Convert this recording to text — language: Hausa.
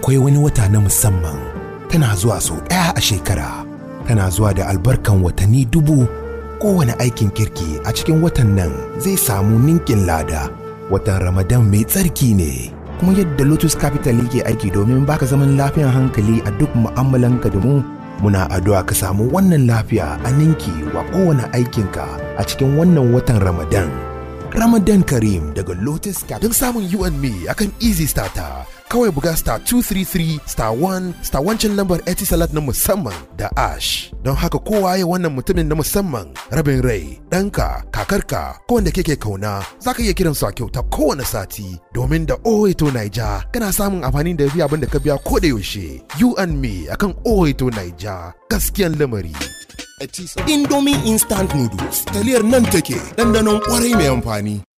akwai wani wata na musamman tana zuwa sau ɗaya a shekara tana zuwa da albarkan watanni dubu kowane aikin kirki a cikin watan nan zai samu ninkin lada watan ramadan mai tsarki ne kuma yadda lotus capital yake aiki domin baka zaman lafiyan hankali a duk ma'amalan da mu muna addu'a ka samu wannan lafiya a ninki wa kowane aikinka a cikin wannan watan ramadan Ramadan Karim daga Lotus don samun you and me akan Easy Starter. Kawai buga star 233 star 1 star wancan lambar eti salat na musamman da ash don haka kowa ya wannan mutumin na musamman rabin rai ɗanka kakarka ko wanda kake kauna za ka iya kiran su a kyauta kowane sati domin da oeto naija kana samun amfani da yafi abin da ka biya ko da yaushe you and me akan oeto naija gaskiyan lamari indomie instant noodles taliyar nan take ɗanɗanon kwarai mai amfani